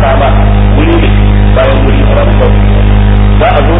kama wuri ne bayan wuri a ranar za a zo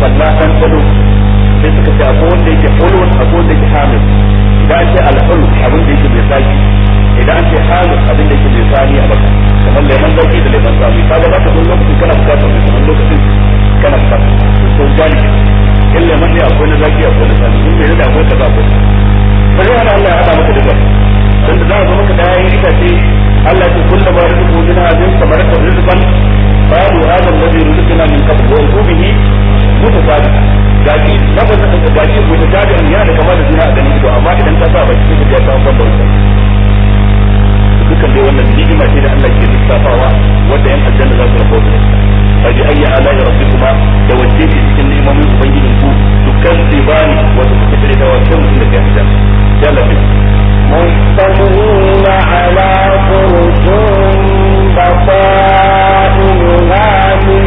kalla dan tsalo sai suka ce akwai wanda yake ulun akwai wanda yake hamil idan ce al abin da yake mai zaki idan an ce hamil abin da yake mai tsani a baka kamar lemon zaki da lemon tsami kaga za ka zo lokacin kana bukatar ne kamar lokacin kana bukatar to gwani in lemon ne akwai na zaki akwai na tsami in mai da akwai kaza akwai ba zai hana Allah ya hada maka duka dan da za a zo maka da yayin itace Allah ya kullum ba rizqu min hadin kamar rizqan قالوا هذا الذي رزقنا من قبل وأتوا به mutatabi ga shi lafazin ga shi mutatabi an yana kamar da juna a ganin ido amma idan ka sa baki sai ka ta bambanta dukkan dai wannan ni'ima ce da Allah ke lissafawa wanda yan aljanna za su rabu da ita ayi ala ya rabbikuma da wacce ce cikin ni'imomin ubangijin ku tukazzibani wa tukatire da wacce mutum da ya fita yalla bi مستمعون على فرش بصائرها من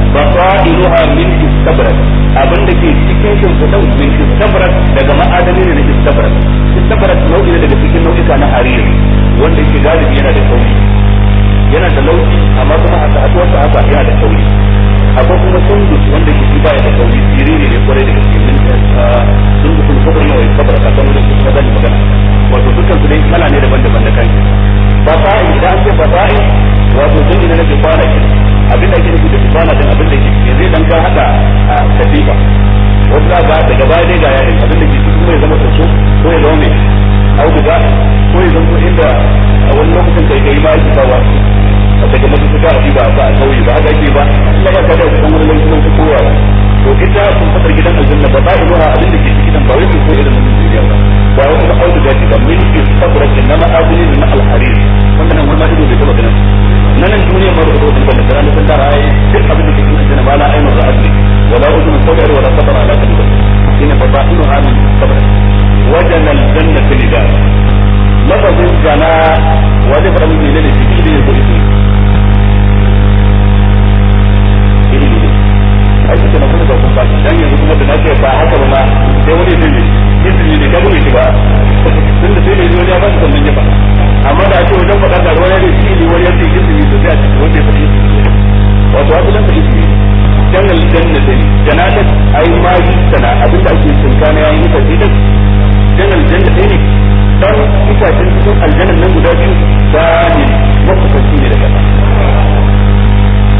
basairuha min istabrak abin da ke cikin shimfiɗan min istabrak daga ma'adani ne na istabrak istabrak nau'i ne daga cikin nau'ika na harir wanda ke galibi yana da kauri yana da lauki amma kuma a sa'atuwar sa haka yana da kauri akwai kuma sundus wanda ke baya da kauri siriri ne kwarai da gaske min sundus kuma kuma yawa istabrak a kan wurin kuma zan magana wato dukkan su dai kala ne daban-daban da kanki fasa'i idan an ce fasa'i wato sun ne na bifana ke abin da ake nufi da bifana din abin da ke zai dan ka hada a tafiya wasu za ba daga baya dai ga yayin abin da ke cikin kuma ya zama soso ko ya zama mai auduga ko ya zama inda a wani lokacin kai kai ma ya ba ba a daga masu suka a ba ba a sauyi ba a gaji ba kuma ba ka da kuma wani lokacin kowa to ita sun fasar gidan aljanna ba ba iluha abin da ke cikin ba wai ko irin ba wai da auduga ce ba min fi sabrat na ma'abuni na al-harir wannan nan wannan ido bai taba ganin nan nan duniya ma ba ta da ran sun tara ai duk abin da ke cikin ba la ainu ra'ati wala udun sabr wala sabr ala kadhib ina fa ba'inu amin sabr wajana al-jannata lidan lafazin jana wani faramin ne ne cikin da ya zo aiki ke na kuma da kuma dan yanzu kuma da nake ba haka ba izini ne kaga bai ci ba tun da sai da wani ya ba su sannan ya faɗa amma da ake wajen faɗa da ruwan yare shi ne wani ya ce izini to sai a cikin wanda ya faɗi wato abu dan faɗi ne dan aljanna da ni janatat ai ma yi sana abinda ake tsinka na yayin ita ce dan dan aljanna da dan cikin nan guda biyu ba ne makusanci ne da kasa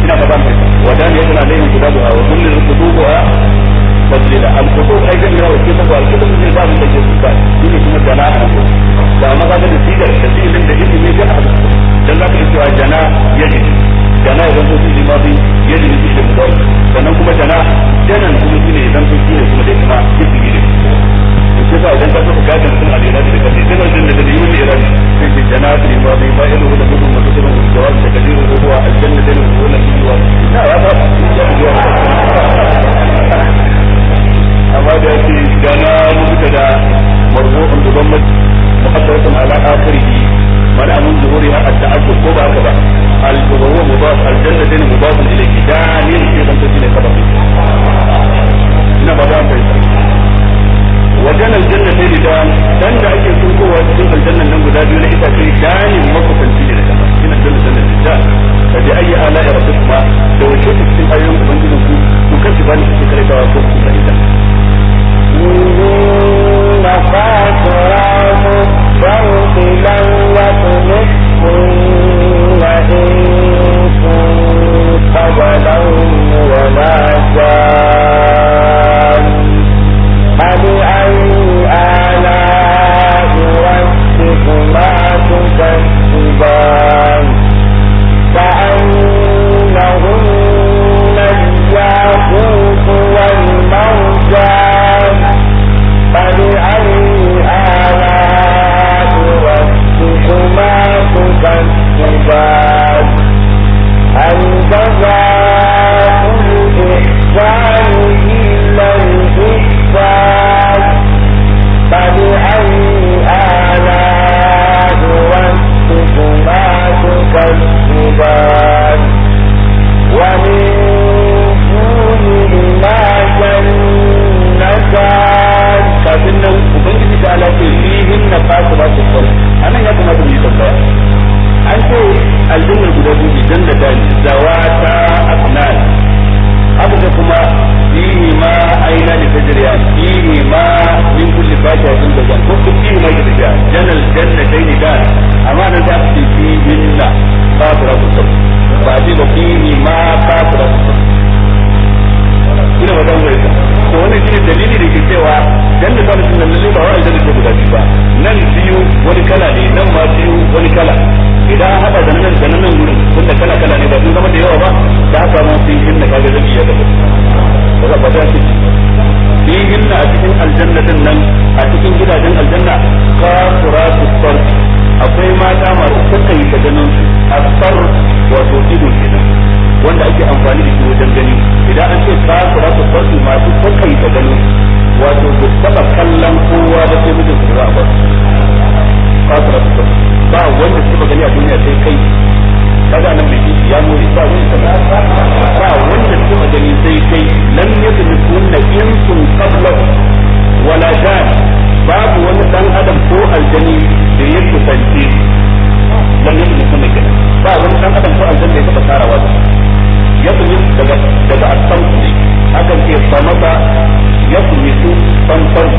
ina ba ban kai wadanda ya tana laifin guda da wa kullum rukutu ko fadlila al kutub ai dan yawa ke sabo al kutub ne ba mu da ke suka kuma jana'a da amma ga da sigar da filin da ilimi ga Allah dan zaka yi cewa jana yaji jana idan ko shi ma bi yaji shi da mudawar sannan kuma jana janan kuma shine idan ko shi kuma dai kuma yaji ne ko ba idan ka so ka ga mutum a lera da kai janar din da da yi wani irani sai jana ne ma bi ba ilu da mutum mutum da jawab da kadiru huwa aljanna da ko na biwa na ya ba da yake da na rubuta da marzu'un bi dhammat muqaddaratun ala akhirih mana mun zuhuriha at-ta'abbud ko ba haka ba al-jawab mudaf al-jannatu mudaf ilayhi da ne ke zanta ne sabab ina ba bai sa. aljanna din nan a cikin gidajen aljanna ka kafiratu sarf akwai mata masu suka yi ganin asfar wato ido kenan wanda ake amfani da shi wajen gani idan an ce kafiratu sarf masu suka yi ganin wato su taba kallon kowa da sai mijin su za a bar kafiratu sarf ba wanda su ba gani a duniya sai kai kaga nan mai ya nuri ba wani ba ba wanda suka gani sai kai lam yakun kunna insun qablahu wala dan babu wani dan adam ko aljani da ya kusance dan yake da kuma kira ba wani dan adam ko aljani da ya taba tarawa da ya kuma daga daga asan ne akan ce samata ya kuma su fanfan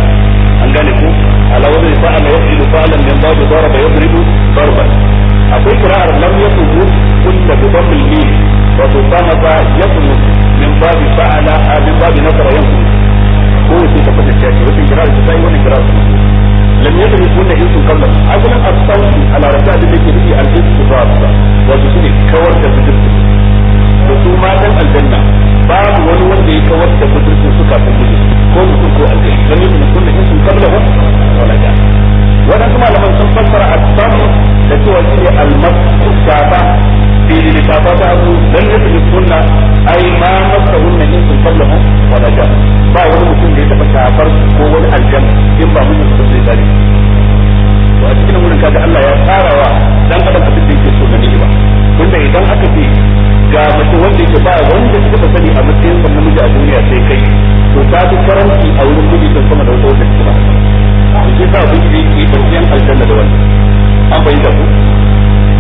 an gane ku ala wani fa'ala yafilu fa'alan min babu daraba yadribu darban akwai kira'ar lam yakun kullu bi dhammil mim wa tusamata yakun min babu fa'ala min babu nasara yakun كويس تقول الشافعي والانقراض الشافعي والانقراض لم يكن يكون جنس قبله عدم الصوت على رفاعة التي به الجنس الرابطة وتسمي كور تفجرت وثم آدم الجنة بعد ولو ان كور تفجرت سكا في المجلس كل كل الجنس لم يكن يكون جنس قبله ولا جاء ولا كما لما تنفسر الصمت لتوجه المسح الشعبان fili ne ba ba abu dan ya fili sunna ai ma masa wannan yin sun fallaha wala ja ba wani mutum da ya taba shafar ko wani aljan in ba mutum da zai dare to a cikin wurin kaga Allah ya tsarawa dan da da ba tunda idan aka ga mutum wanda yake ba wanda ya taba sani a matsayin sa namiji a duniya sai kai to ta fi karanci a wurin miji sun sama da wata wata kira shi sa ubangiji yake ɗaukiyan aljanna da wannan an bayyana ku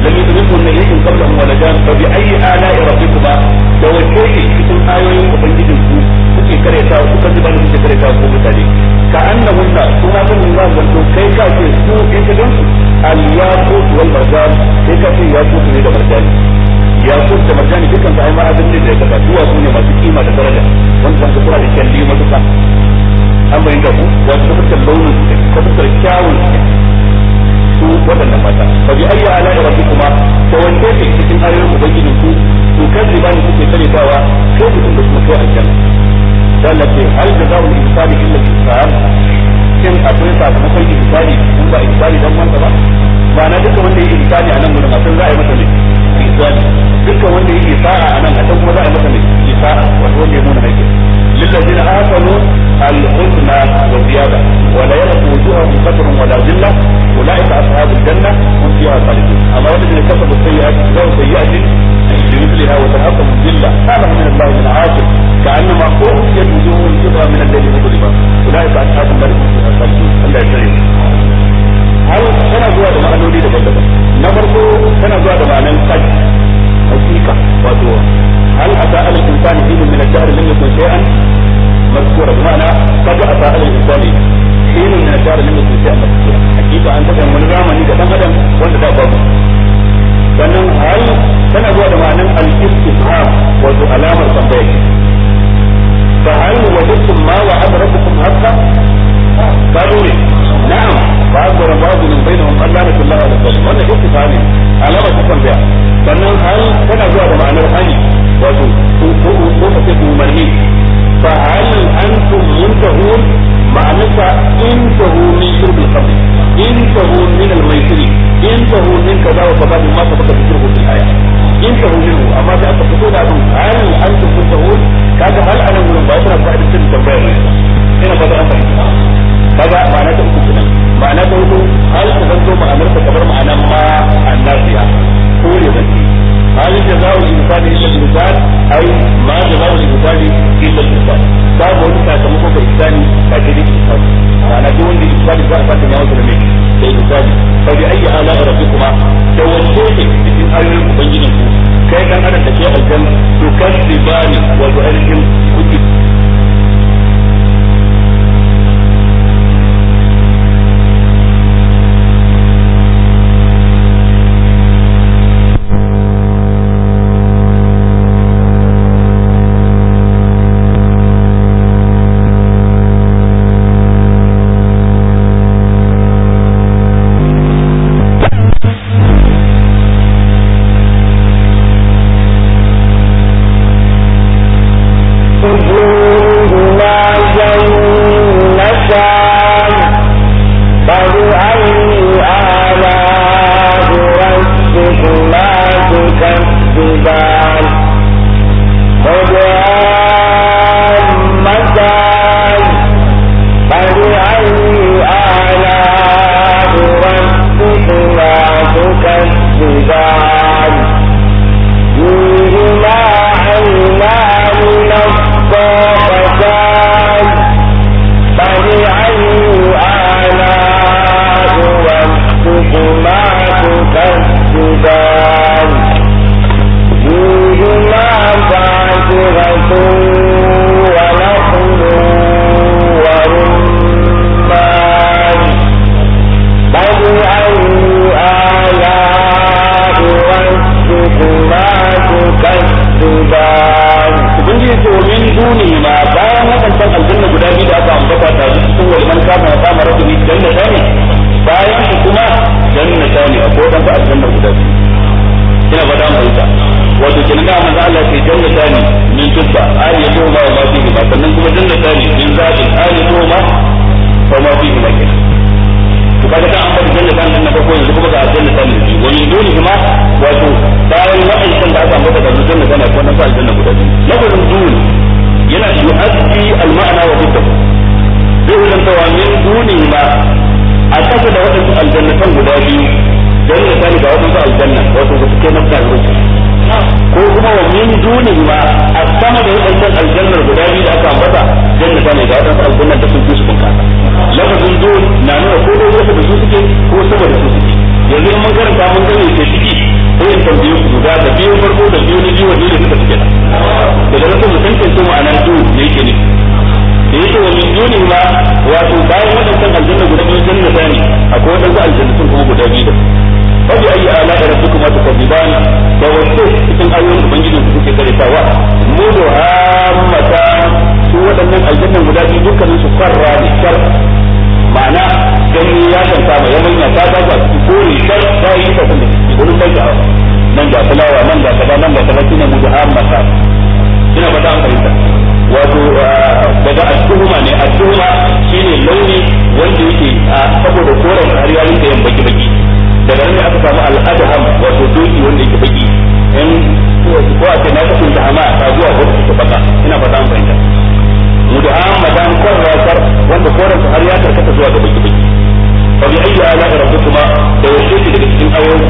lam yudrikun ilayhim qablahum waladan fa bi ayyi ala'i rabbikuma da wace ne cikin ayoyin ubangijin ku kuke kareta kuka zuba da kuke kareta ko mutane ka annahunna kuma mun yi wa zanto kai ka ce su in ka dansu al yaqut wal marjan kai ka ce yaqut ne da marjan yaqut da marjan dukkan sai ma abin ne da kaka duwa su ne masu kima da daraja wanda zan kula da kalli matuka an bayyana ku wanda kuka launin ku kuka kyawun su waɗannan mata fa bi ayyi ala'i ayoyin ubangijin ku to kan riba ne kuke karyatawa sai mutum da kuma kai aljanna dan da ke hal da zamu ihsani illa ihsan kin akwai sakamakon ihsani kun ba ihsani dan wanda ba ba na duka wanda yi ihsani a nan gurin akan za a yi masa ne ihsani duka wanda yi sa'a a nan a can kuma za a yi masa ne sa'a wato wanda ya nuna nake للذين آمنوا الحسنى والزياده ولا يلقوا وجوههم قدر ولا ذلة أولئك أصحاب الجنة هم فيها خالدون أما الذين كسبوا السيئات لهم سيئة بمثلها وتحكم الذلة هذا من الله من عاصم كأنما أغشيت وجوههم كبرى من الليل مظلمة أولئك أصحاب الملك هم فيها خالدون الا يسلمك هل سنة زواج معنولي لجنة نمرة سنة زواج معنى القدر hakika wato hal ata al insani min shahr lam yakun shay'an qad ata al insani min shahr lam yakun shay'an hakika an ta zamani da dan adam wanda da babu sannan hal zuwa da ma'anan al-istifham wato alamar tambaya fa hal wajadtum ma wa'ada bai فأكبر بعض من بينهم أن لعنة الله wanda الظالم wannan ne alama ta tambaya sannan hal tana zuwa da ma'anar hali wato ko ka ce umarni fa hal antum muntahun ma'anarsa in tahu min shurbil khamr in tahu min al-maisiri in tahu min kaza wa kaza mimma sabaka dhikruhu fil aya in tahu minhu amma da aka fito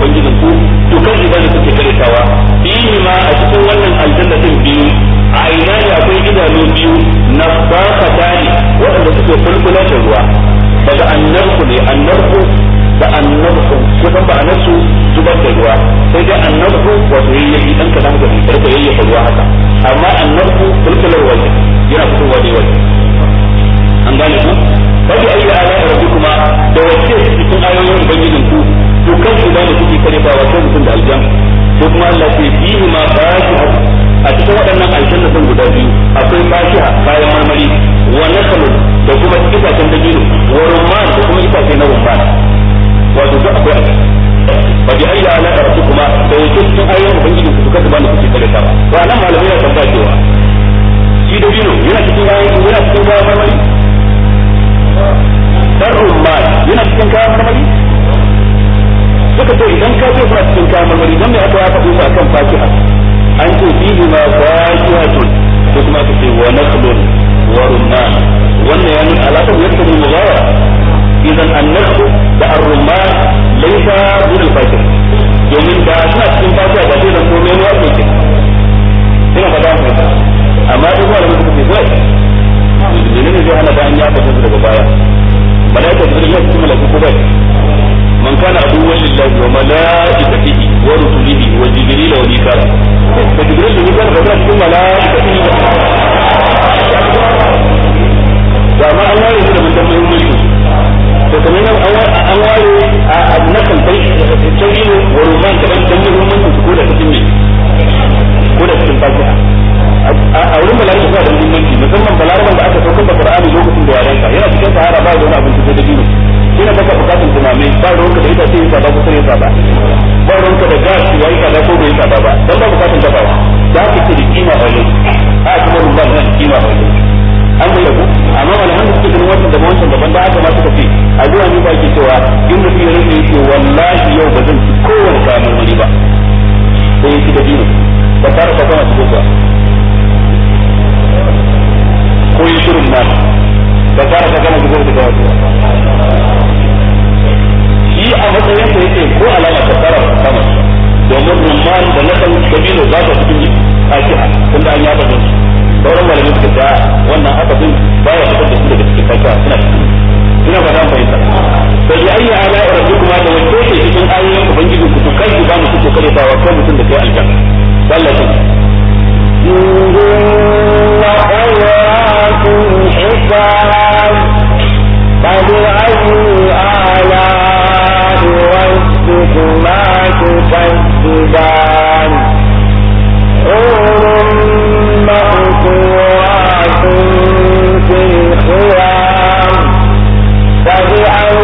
ubangijin ku to kan ibada kuke karitawa fihi ma a cikin wannan aljannatin biyu a ina ne akwai idanu biyu na bafata ne wanda suke kulkula da ruwa daga annarku ne annarku da annarku ko san ba annarsu zubar da ruwa sai dai annarku wato yayi dan kadan da bai yayi yayyafa ruwa haka amma annarku kulkular waje yana fitowa da waje an gane ku fa bi ayi ala rabbikuma da wace cikin ayoyin ubangijin ku su kan su bane kuke kare ba wa kan mutum da aljan sai kuma Allah ce fihi ma fatiha a cikin waɗannan da sun guda biyu akwai bashi a bayan marmari wa nasalu da kuma itacen dabino wa rumman da kuma itace na rumman wato duk akwai fa bi ayyi ala rabbikuma da yake cikin ayoyin ubangiji su kuka ba kuke kare ta ba wa nan malamai ya tabbata cewa shi dabino yana cikin ayoyin yana cikin bayan marmari sarrun ma yana cikin kayan marmari suka ce idan ka ce suna cikin kayan marmari don me aka ya faɗi su akan fatiha an ce fi fihi ma tun ko kuma ka ce wa nakhlun wa rumman wannan ya nuna alaƙar yadda mu mubara idan an annakhu da ar-rumman laysa gudun al-fatiha domin da suna cikin fatiha ba sai da komai ruwa ne ke suna fata mu amma duk wanda suka ce ne ne zai hana bayan ya fita daga baya malaikatu da ya kuma lafi ko man kana aduwwan lillahi وملائكته ورسله وجبريل rusulihi فجبريل jibril wa mikal to jibril da يقول من za su malaikatihi ba da ma an ware su da mutum muhimmanci to kamar an a nakan da cikin da a muhimmanci musamman balaraban da aka saukar da qur'ani lokacin da ka yana cikin sahara ba da wani abinci sai da dino ina baka bukatun tumame ba ruwanka da ita ce yi saba kusa ya saba ba ruwanka da gas ya yi saba ko bai yi saba ba don ba bukatun dafawa da aka ce da kima a yau a kuma rumba na kima a yau an da yabu amma malhamdu suke ganin wancan daban wancan daban da aka ma suka ce a zuwa ne ba ke cewa in mutum ya rage yake wallahi yau ba zan ci kowane kayan wani ba sai ya ci da dino ba fara ka kama su ko ko ya shirin na ba fara ba kama su ko da kawai shi a matsayin da yake ko alama ta tsara ta kama domin rumman da na san kabilu ba ta cikin fatiha tunda an yaba da sauran malamai suka da wannan akabin baya fitar da su daga cikin fatiha suna ina ba zan fahimta yi ala da wato cikin ayoyin ubangiji ku kai ku ba mu ba wa kai mutum da kai sallallahu alaihi wa sallam ربكما تكذبان حور مقصورات في الخيام فبأي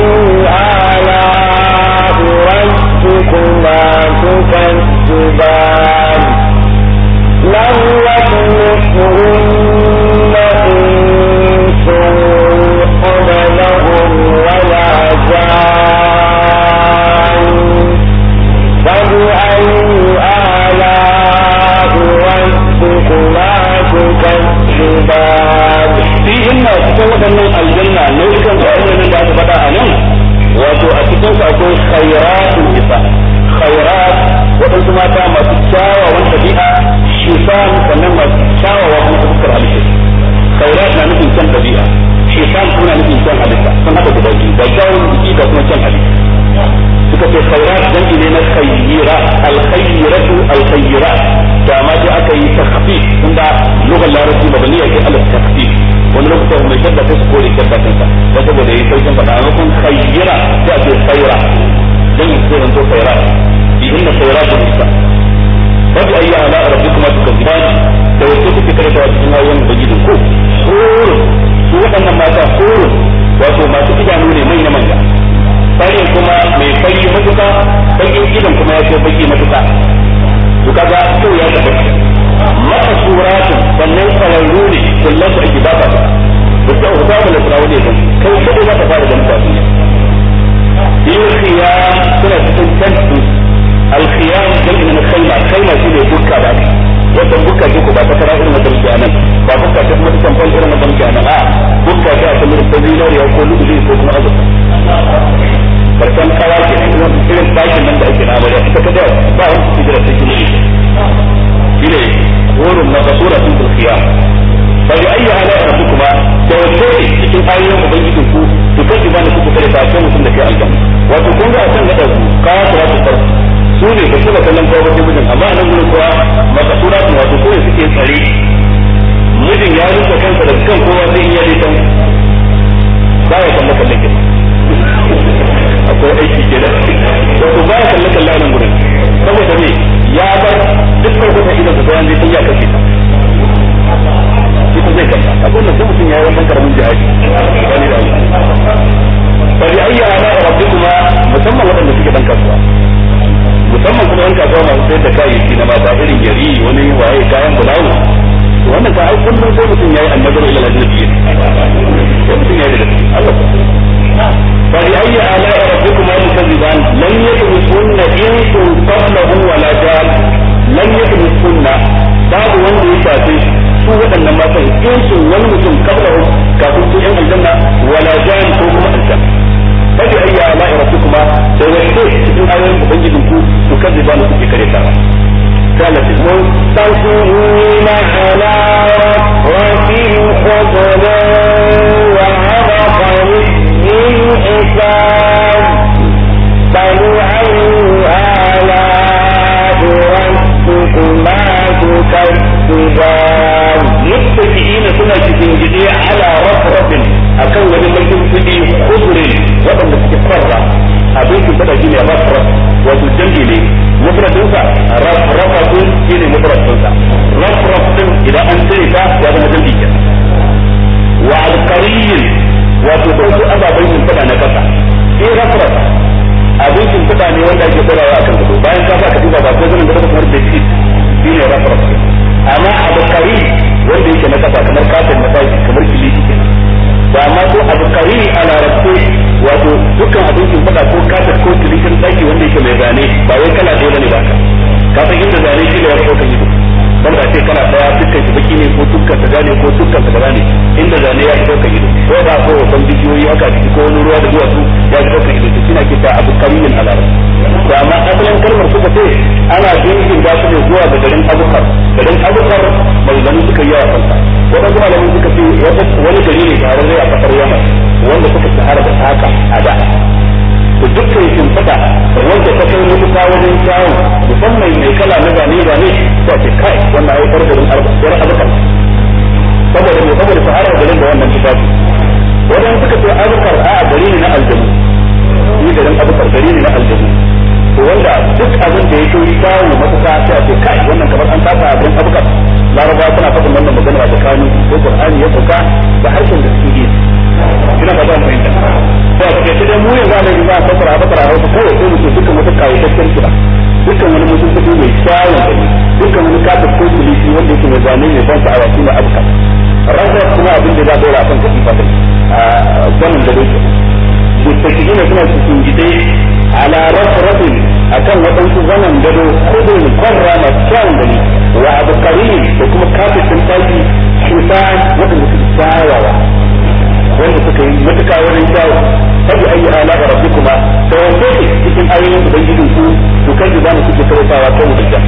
آلاء ربكما تكذبان ba شربان فيهن أتكون مثلا الجنة لو كان وإن من بعد بدأ أنم wato a cikin su akwai khairatun nisa khairat waɗansu mata masu kyawawan ɗabi'a shifan sannan masu kyawawa kuma fuskar halitta khairat na nufin kyan ɗabi'a shifan kuma nufin kyan halitta sun haka guda biyu da kyawun jiki da kuma kyan halitta suka ce khairat dangi ne na khayyira alkhayyiratu alkhayyira da ma dai aka yi takhfif inda lugar larabci ba baniya ke alif takfir wani lokuta mai shadda ta su kore shadda ta ba saboda yayi saukin fada a kun khayyira ko a ce khaira dan ko ran to khaira bi inna ko ta ba babu ayya ala rabbikuma tukaziban da wato kuke karanta cikin ayoyin gidan ko hurun su waɗannan mata hurun wato masu idanu ne manya manya farin kuma mai fayyi matuka bakin gidan kuma ya ce baki matuka to kaga to ya tabbata ma'asuratun sannan kwararru ne kullum su ake baka ta da ta uku samun da surawa ne kai kada za ka fara ganin ba ne ilkiya suna cikin tantu alkiyam dan ina na kalma kalma shi ne dukka ba ka wata bukka ce ko ba ta fara irin wata mutiya nan ba bukka ce kuma ta tamfan irin wata mutiya nan a bukka ce a ta mura ta zinariya ko lu'ulu ko kuma azurfa farkon kawa ke nan irin bakin nan da ake na amarya ita kada ba wani su jira sai kuma shine wurin maqsura fil qiyam fa bi ayyi ala rabbikuma da wato ne cikin ayoyin ubangiji ku to kaji bani ku kare ta kan mutum da kai aljanna wato kun ga san da ku ka ta ta farko su ne ba su ba kallon ko ba mijin amma nan gurin kuwa maqsura wato ko ne suke tsare mijin ya rufe kansa da kan kowa sai in ya dai ba ya kallon kallon akwai aiki kenan wato ba ya kallon kallon gurin saboda me ya bar dukkan kusa idan su bayan zai ya kashe ta ita zai kasa a gudun sai mutum ya yi wannan karamin jihadi wani da bari ayya ala rabbi kuma musamman waɗanda suke dan kasuwa musamman kuma yan kasuwa masu sayar da kayayyaki na mata irin yari wani waye kayan bulawu wannan ka ai kullum sai mutum yi annabar ila lajnabi duk abin da ya so kyawu matuƙa sai a ce kai wannan kamar an saba abin abuka laraba suna faɗin wannan magana da kanu ko qur'ani ya fuka da harshen da suke yi kina ba zan fahimta to a take dai mu yanzu ne za a fasara fasara a wasu ko sai mutum dukkan kawo kawataccen kira dukkan wani mutum kuɗi mai kyawun gani dukkan wani kafin ko kulisi wanda yake mai zane mai ban sa'awa shi ne abuka rasa kuma abin da za a dora a kan kafi fatai a wannan da dai ke mutaki ne suna cikin gidai ala rafa rafin akan waɗansu zanen gado kudin kwarra masu kyawun gani wa abu karim da kuma kafin tafi shutan waɗanda suke kyawawa wanda suka yi matuka wurin kyawu sabu ayi ala ga rabbi kuma da wanda cikin ayoyin ubangijin su su kan ji zamu kuke karotawa kan mutum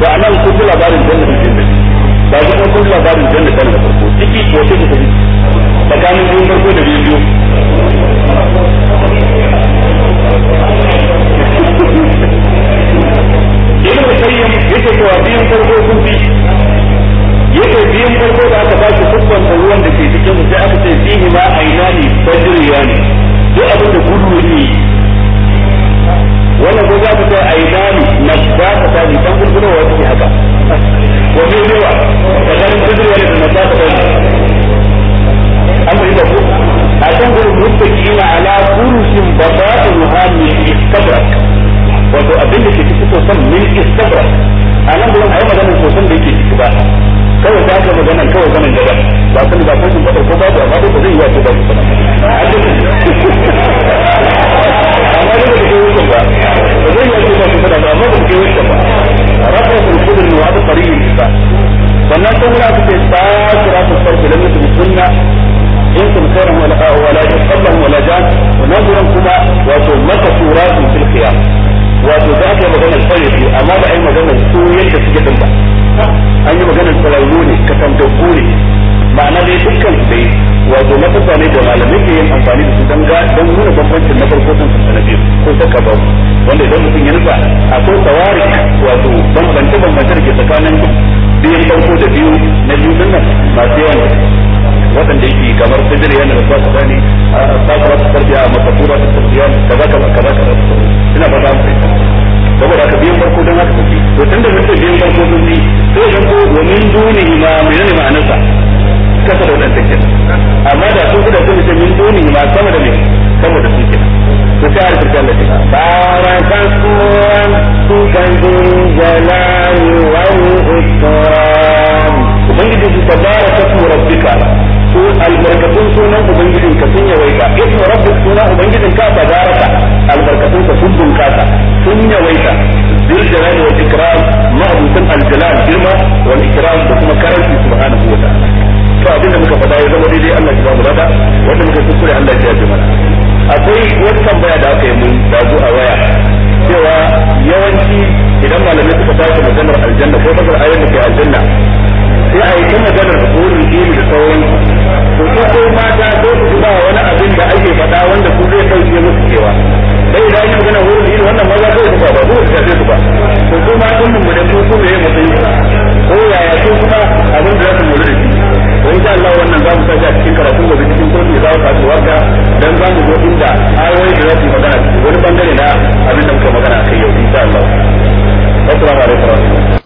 wa anan ku ji labarin jannatin jannati ba ku kun ji labarin jannatin da farko ciki ko take ta tsakanin biyu farko da biyu ibn qayyim yake cewa biyan farko sun fi yake biyan farko da aka ba shi kubban da ruwan da ke cikin su sai aka ce fihi ma ainani fajriyani duk abin da gudu yake wannan ko za ka ce ainani na ba ka tani dan gurgurwa take haka wa mai yawa tsakanin gurgurwa da na ba ka tani an bai da ku a can gurin muttaqina ala furushin basairuha min istadrak wato abin da ke ciki kosan min istabra a nan gurin a yi maganar da yake ciki ba kawai da ka magana kawai ganin da ba ba kun ba ko ba ba zai yi wato ba kuma da amma da ba rafa sannan su kuma wato wato za ka yi maganar tsare su amma ba a yi maganar su yadda suke ɗin ba an yi maganar tsararru ne da ne ma'ana dai dukkan su dai wato mafasa ne da malamai ke yin amfani da su don ga don nuna bambancin na farko sun sun na biyu ko saka ba wanda idan mutum ya nufa akwai tsawari wato bambance bambance da ke tsakanin biyan farko da biyu na biyu nan masu yawan waɗanda yake kamar fijir yana da ba su gane a tsakar su tarbiya a makasura su tarbiya kaza kaza kaza kaza ina ba za mu fahimta saboda ka biyan farko don haka kuke to tun da zai biyan farko sun yi sai ya ko wa min duni ma mai ma'anar sa kasa da wannan take amma da su kuda sun ce min duni ma sama da me sama da su ke to sai arfi ta Allah ba baraka suwan su kan dun jalali wal ikram ubangiji ta tabaraka rabbika su albarkatun sunan ubangijin ka sun yawaita ismu rabbik sunan ubangijin ka tabaraka albarkatun ka sun bunkasa sun yawaita bil jalali wal ikram ma'budan al jalal girma wa wal ikram da kuma karanci subhanahu wa ta'ala to abin da muka faɗa ya zama daidai Allah ya ba mu rada wanda muka kuskure Allah ya ji mana akwai wata tambaya da aka yi mun dazu a waya cewa yawanci idan malamai suka fara maganar aljanna ko kasar ayyar da ke aljanna sai a yi ta maganar burin ilimi da sauran to su ko mata ko su ba wani abin da ake faɗa wanda su zai sauke musu cewa dai da yi magana wurin ilimi wannan maza zai su ba ba zuwa ta zai su ba to ko ma sun mummune su su ne yi ko yaya su kuma abin da za su mulu da shi ko insha Allah wannan za mu sa a cikin karatu gobe cikin kotu da za mu fasu waka dan za mu zo inda ayoyi da za su yi magana wani bangare na abin da muka magana a kai yau insha Allah Otro